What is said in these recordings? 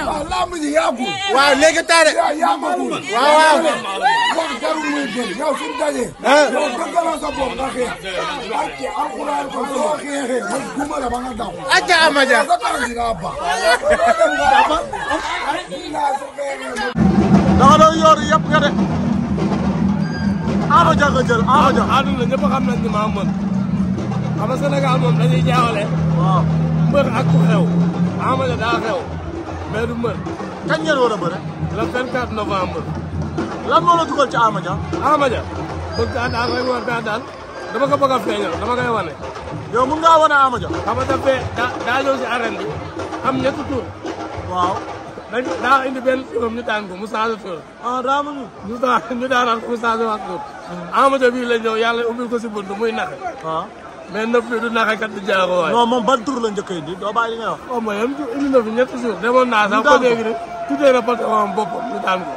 waaw lamb ji yàggul. Eh, eh. waaw léegi tey de. yàggul waaw waaw. wax jarul muy bëri yow suñu dajee. Eh. yow dëgg la sa bopp nga xeex. barke alxuraan ko soo xeexee man guma la ba nga daw. acca amaja. sa tànk dinaa baax. dafa doon yor yëpp nga de. amaja nga jël amaja. àdduna ah, ñëpp xam nañ ni maa mën. xam nga Sénégal moom dañuy jaawale. waaw mbër ak ku xew. amaja daa xew. mais du mbër. kañ ngeen war a bëre. le 24 novembre. lan la dugal ci Ama Dia. Ama Dia bëgg kaa daal rek war kaa daal dama ko bëgg a feeñal wane. yow mun ngaa wane Ama Dia. xam nga daf daa daa ñëw waaw. daa indi benn turam ñu daan ko mu changé tur. ah daa ñu. ñu daan mu changé waat tur. Ama Dia bii la ñëw yàlla ubbil ko si muy naxe. waaw. Ah. mais nëf bi du naxakat di jaaxal waay. non moom ban tur la njëkk a indi doo bàyyi li nga wax. waaw oh, mooy yam indi na fi ñetti jours demoon naa ko dégg rek tuddee na patron boppam ñu daan ko.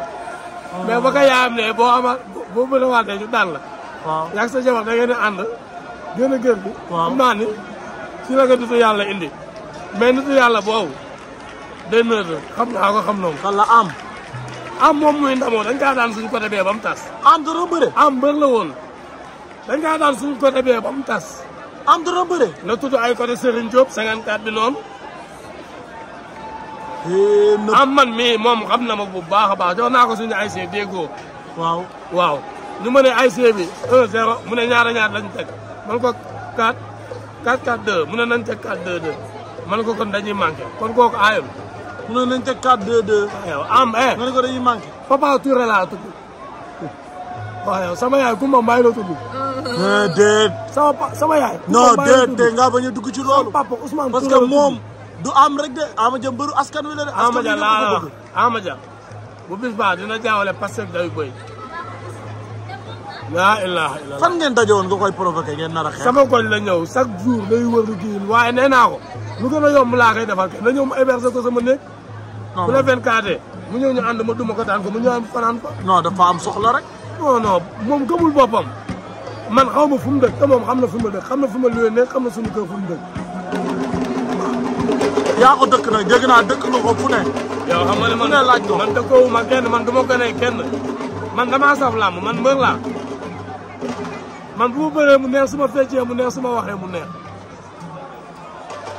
mais ba ko yaayam ne boo ama boo mën a waatee ñu daan la. waaw yaa sa jabar da ngeen di ànd. gën a gër bi. waaw xam naa ni si la ko nitu yàlla indi. mais yàlla boobu. day mel xam naa ko xam noonu. kan am. am moom muy ndamoo dañ ka daan suñu côté bee ba mu tas. am dara am bëri la woon dañ kaa daan suñu am dana bëre. na tudd ay côté Serigne Diop 54 bi noonu. am man mii moom xam na ma bu baax a baax jox naa ko suñu ASC déggoo. waaw waaw ñu mënee ASC bi 1 0 mu ne ñaara ñaar lañ teg man ko 4 4 4 mu ne nañ teg 4 2 2 man ko kon dañuy manqué kon ko aayul. mu ne nañ teg 4 2 2. am eh. nga ko dañuy manqué. Papa Touré laa tudd. waaw yow sama yaay Kumba Mbaye la tudd. Ah. déedéet sama pa sama yaay. non déedéet nga bañ a dugg ci loolu. papa Ousmane parce que Dia mbëru askan wi la de. Ama Dia laa la Ama Dia bu bis baa dina ya? sama koñ la ñëw chaque jour day wër liggéeyam waaye nee naa ko lu gën a yomb laa koy defal kay na ñëw e mu héberger ko sama néeg. non bu la 24 mu ñëw ñu ànd ma duma ko daan non non non man xaw ma fu mu dëkk te moom xam na fu ma dëkk xam na fu ma luwee xam na suñu kër fu mu dëkk. yaa ko dëkk nag dégg naa dëkk nga ko fu ne. yow xam nga ne man fu ne laaj ko man dëkkoowu ma kenn man du ma gënee kenn man damaa saf làmb man mbër laa man bu ma bëree mu neex su ma feccee mu neex su ma waxee mu neex.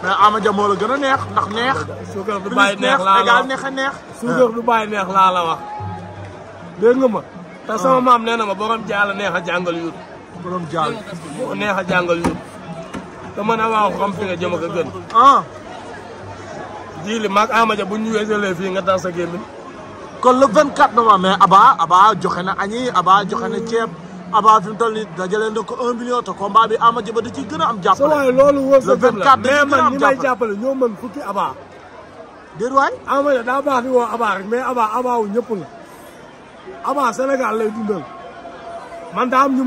mais Ama Dia moo la gën a neex ndax neex. suukar du bàyyi neex laa neex neex. suukar du bàyyi neex laa la wax dégg nga ma. te sama ah. maam nee na ma boo borom jaala neex a jàngal yut borom jaal. bu neex a jàngal ñu. te mën a waaw xam fi nga jëm ak a gën. ah. jii li maag Amadia bu ñu a fii nga tax sa gémmiñ. kon le 24 novembre mais Aba Aba a na añi Aba joxe na ceeb Aba fi mu toll nii dajale na ko 1 million te combat bi Amadia ba da ciy gën am jàppale. sa waay loolu wóor sa gëm la mais man ñi may jàppale ñoo mën fukki Aba. déet a Amadia daa baax di woo Aba rek mais Aba a wu ñëpp la. Aba Sénégal lay dundal man daa am ñu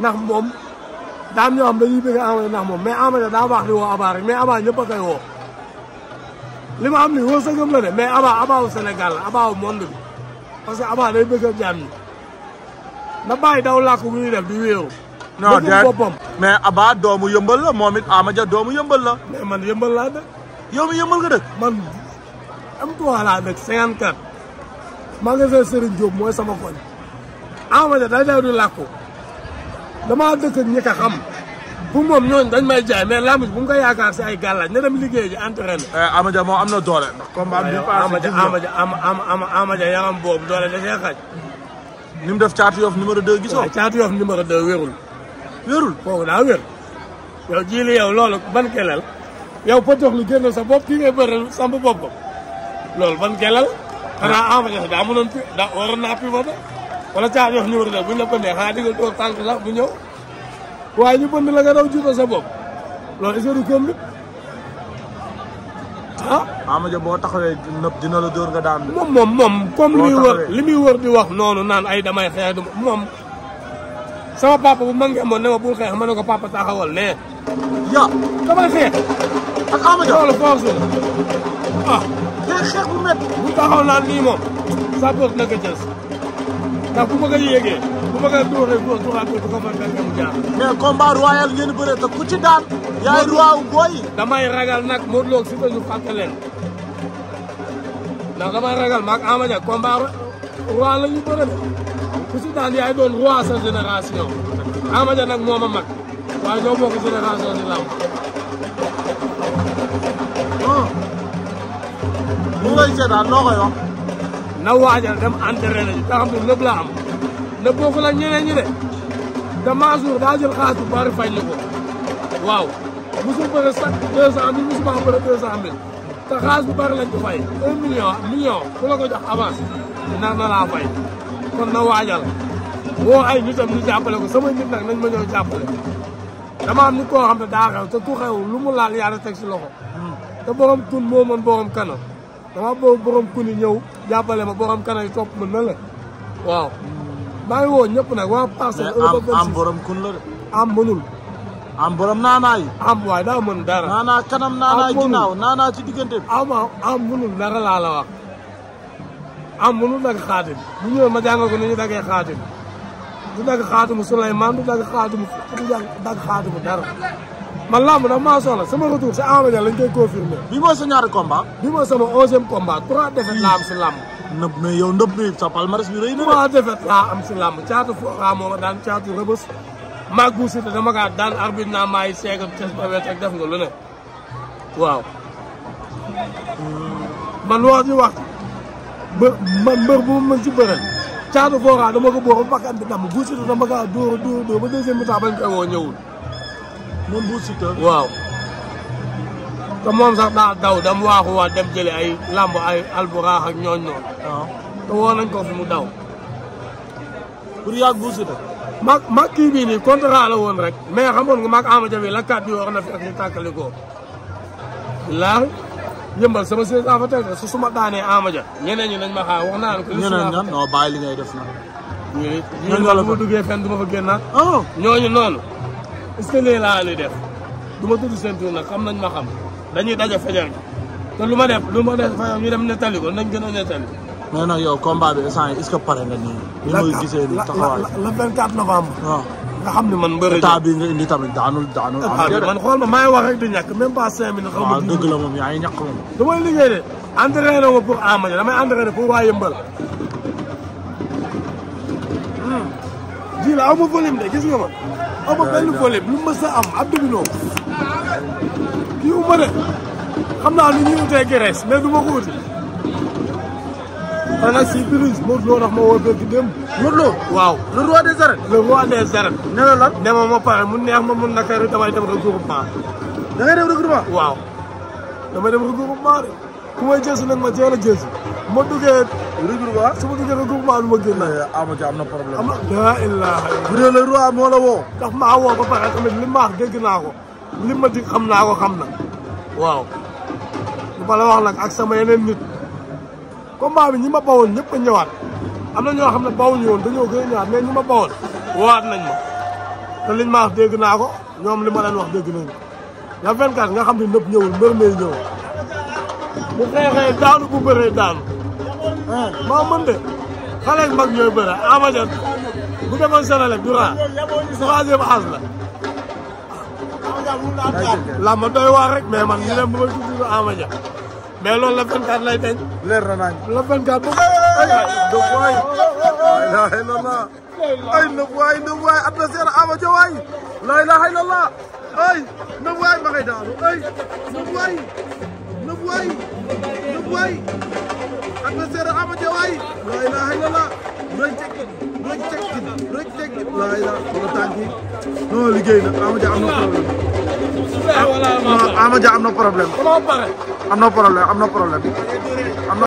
nak mom dam ñoo am dañuy bëgg Ama nak moom mais Ama da daa baax di woo Aba rek mais Aba ñëpp a koy woo li ma am ni woo sëgëm la de mais Aba Abaawu Sénégal la Abaawu monde bi parce que Aba day bëgg ak jaam ñi na bàyyi daw làkk bu ñuy def di wéeru. non déet boppam mais Aba doomu yëmbal la moom it Ama Dia doomu yëmbal la. mais man yëmbal laa dëkk. yow mi yëmbal nga dëkk. man am tuwa laa dëkk 54. magasin Serigne Diop mooy sama koñ Ama Dia day daw di làkku. damaa dëkk ak ñi ko xam bu moom ñooñu dañ may jaay mais lamb bu mu ko yaakaar si eh, am na doole. ndax combat bi mu def caatu yoof numéro 2 gisoo. waaw caatu yoof numéro 2 wérul. wérul kooku yow jii li ban kelal yow potox lu génn sa bop kii ngay bëri samp boppam loolu ban kelal xanaa Amadia daa mënoon pi daa waroon naa pivoter wala caax yox ñëwër la buñ la ko xaa ha digal toog tank la bu ñew way ñu bënd la nga daw jiital sa bop lo est-ce que du koom ah. Ama Dia boo taxawee nëb dina la door nga daan. mom mom mom comme li wër li muy wër di wax nonu naan ay damay xéx mom sama papa bu mangé mo néma bu xéx manoko papa taxawal né ya damay xéx ak Ama Dia lo force la ah. day xeex bu met bu taxaw naan nii moom. sa bopp na ko jëss ndax ma ko yéegee bu ma ko ko ku ci daan. yaay roi wu booy damay ragal nag Modou Lo si ñu fàtte leen ndax damay ragal maag Ama Dia combat roi yaay doon roi sa génération Ama Dia nag moo ma mag waaye ñoo bokk génération di laaw. ah. bu ngay seetaan noo na waajal dem entraîné ji ta xam ne lépp am na bokku la ñeneen ñi de te Mansour bu bari fay la waaw musul bëre sax deux cent mille musul baax bëre bu bari lañ fay un million million ku la ko jox avance ndax na laa fay kon na waajal woo ay nitam ñu jàppale ko sama nit nag nañ ma ñëw jàppale ni am koo xam ne daa xew lu mu laal yàlla teg si loxo hmm. te borom tun moo mën borom dama boobu borom kuni ñëw jàppale ma borom kanay topp ma na la waaw maa ngi woo ñëpp nag waa parcelle am borom kun la de am mënul am borom naanaay am waay daa mën dara naanaa kanam naanaa ginnaaw naanaa ci diggante bi am am dara laa am mënul nag xaatim bu ñëwee ma jàngal ko ni ñu dagee xaatim du dag xaatimu Souleymane du du dag xaatimu dara man lamb nag maa soxla sama retour si Ama lañ koy confirmer. bi mooy combat. bi sama onzième combat trois défaites laa am lamb. nëb mais yow nëb bi sa palmarès bi na am si lamb caatu Fora moo ma daan caatu Rëbës maag bu dama kaa daan arbitre naa maay seegam tes ba ak def nga lu ne waaw. Hmm. man wax wax ba bu ma si bëral caatu Fora dama ko boor bakkan bu dama ba deuxième temps bañ koy moom bu Siteu waaw te moom sax daa daw dam waaxu waa dem jële ay làmb ay alburaax ak ñooñ noonu ah. te woo nañ ko fi mu daw pour yàgg bu Siteu mag mag kii bii nii contrat la woon rek mais xamoon nga maag Ama Jabi la kat bi war na fi ak ñu tàkkali ko laa yëmbal sama sées afa teg su suma daanee Ama Dia ñeneen ñi nañ ma xaar wax naa ko ñeneen ñan non bàyyi li ngay def na ñooñu ma duggee fenn du oh. noonu est-ce que lii laa li def du ma tudd seen tur nag xam nañ ma xam dañuy daje fajar gi te lu ma def lu ma def fajar ñu dem nettali ko nañ gën a nettali. mais nag yow combat bi instant yii est-ce que pare nga nii. li muy gisee nii taxawaay la 24 novembre. waaw nga xam ne man mbëre état bi nga indi tamit daanul daanul. am man xool ma maa ngi wax rek di ñàkk même pas cinq minutes. xaw ma dëgg la moom yaa ngi ñàkk moom. damay liggéey de entraîné na ma pour Ama damay entraîné pour waa Yëmbal. Hmm. ji la aw ma volume de gis nga ma. ama benn volet lu mës a am ab domino kii uma de xam naa lu ñuy utee Grèce mais du ma ko uti xanaa si plus Modou Lo ndax woo bëgg dem Modou Lo waaw le roi des arènes le roi des arènes ne la lan ne ma ma pare mu neex ma mun nakaru damay dem regroupement da ngay dem regroupement waaw dem regroupement de ku may jeesu nag ma teel a jeesu ma duggee. regroupement su ma duggee regroupement du ma génn. ama ci am na problème. am na laa ilaaha illallaah. bu dee le roi moo la woo. daf maa woo ba pare tamit li ma wax dégg naa ko li ma dig xam naa ko xam na waaw. li ma la wax nag ak sama yeneen nit combat bi ñi ma bawoon ñëpp a ñëwaat am na ñoo xam ne bawuñu woon dañoo gën a ñëwaat mais ñi ma bawoon woowaat nañ ma te liñ ma wax dégg naa ko ñoom li ma leen wax dégg nañ ko la 24 nga xam ne nëpp ñëwul mbër mi ñëw. bu xeexee daanu bu bëree daanu ah maa mën de mag ñooy bëre Ama Dia bu demoon Sénégal du raar troisième âge la. làmb doy waar rek mais ne bu ma tudd Ama Dia mais loolu la 24 lay teñ. leer na nañ la 24 bu. waay waay la la ay nëb waay nëb waay adversaire ay nëb waay ma ngay daanu ay nëb waay. waay adversaire Ama Dia waay la ilaha illallah rëj tekkit rëj tekkit rëj tekkit la ilaha wala tànk yi non liggéey na Ama Dia am na problème Ama Dia am na problème am na problème am na problème